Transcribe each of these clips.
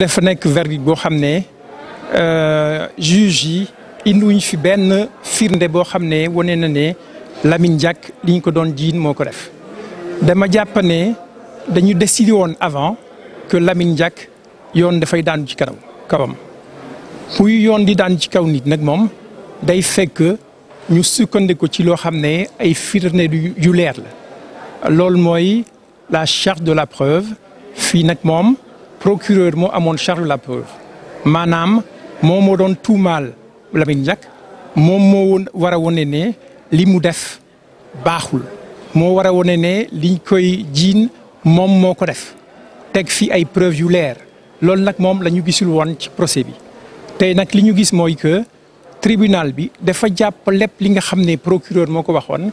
dafa nekk verdict boo xam ne euh, juge yi indiwuñ fi benn firnde boo xam ne wane na ne Lamine Diack li ñu ko doon jiin moo ko def dama jàpp ne dañu décidé woon avant que Lamine Diack yoon dafay daanu ci kanam kawam puy yoon di daan ci kaw nit nag moom day fekk ñu sukkandiku ci loo xam ne ay firnde yu leer la loolu mooy la charge de la preuve fii nag moom procureur moo amoon charge la preuve maanaam moom moo doon tuumaal Lamine Diack moom moo woon war a wone ne li mu def baaxul moo war a wone ne liñ koy jiin moom moo ko def teg fi ay preuve yu leer loolu nag moom la ñu gisul woon ci procès bi tey nag li ñu gis mooy que tribunal bi dafa jàpp lépp li nga xam ne procureur moo ko waxoon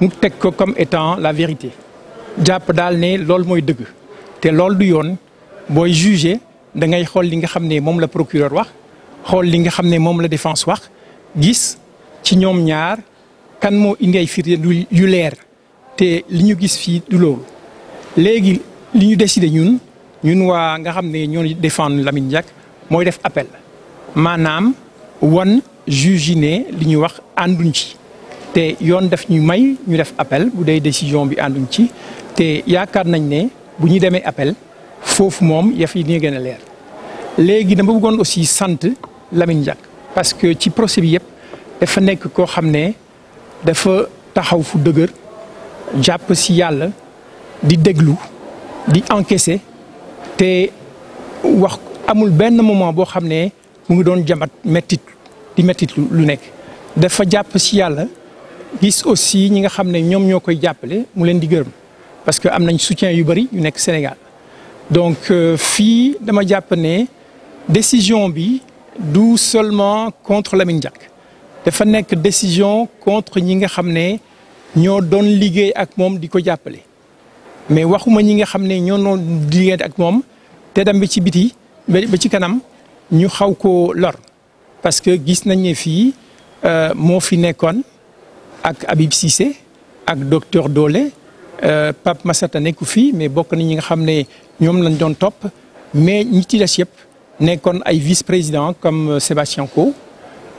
mu teg ko comme étant la vérité jàpp daal ne loolu mooy dëgg te loolu du yoon booy juger da ngay xool li nga xam ne moom la procureur wax xool li nga xam ne moom la défense wax gis ci ñoom ñaar kan moo indi ay firnde yu leer te li ñu gis fii du loolu léegi li ñu décidé ñun ñun waa nga xam ne ñoo défendre Lamine Diack mooy def appel maanaam wan juge ne li ñu wax ànduñ ci te yoon def ñu may ñu def appel bu dee décision bi ànduñ ci te yaakaar nañ ne bu ñu demee appel. foofu moom yaf yi ni gën a leer léegi dama buggoon aussi sant Lamine Diack parce que ci procès bi yëpp dafa nekk koo xam ne dafa taxaw fu dëgër jàpp si yàlla di déglu di encaisser te wax amul benn moment boo xam ne mu ngi doon jamat mettit di mettit lu nekk dafa jàpp si yàlla gis aussi ñi nga xam ne ñoom ñoo koy jàppale mu leen di gërëm parce que am nañ soutien yu bëri yu nekk Sénégal donc euh, fii dama jàpp ne décision bi du seulement contre Lamine Diack dafa nekk décision contre ñi nga xam ne ñoo doon liggéey ak moom di ko jàppale mais waxuma ñi nga xam ne ñoo doon liggéey ak moom te dem bi ci biti ba ci kanam ñu xaw ko lor parce que gis nañ ne fii euh, moo fi nekkoon ak Habib Cissé ak docteur Doole euh, Pape Massata nekku fii mais bokk na ñi nga xam ne ñoom lañ doon topp mais ñi ci des yëpp nekkoon ay vice président comme euh, Sébastien Coe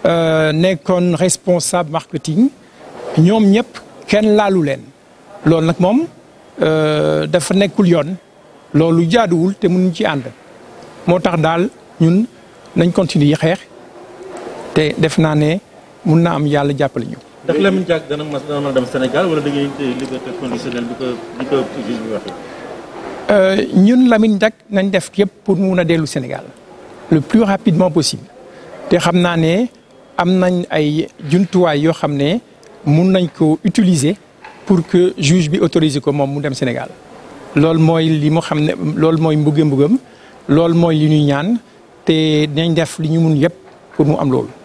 euh, nekkoon responsable marketing ñoom ñëpp kenn laalu leen loolu nag moom euh, dafa nekkul yoon loolu jaaduwul te mënuñ ci ànd moo tax daal ñun nañ continuer xeex te def naa ne mun na am yàlla jàppale ñu. ndax Lamine Diack dana mas a dem Sénégal wala da ngeen liberté conditionnelle bi Euh, ñun lamit njag nañ def yëpp pour mu mun a dellu Sénégal le plus rapidement possible te xam naa ne am nañ ay jumtuwaay yoo xam ne mun nañ ko utiliser pour que juge bi autorisé ko moom mu dem Sénégal loolu mooy li mu xam ne loolu mooy mbugge mbugam loolu mooy li ñuy ñaan te nañ def li ñu mun yëpp pour mu am loolu.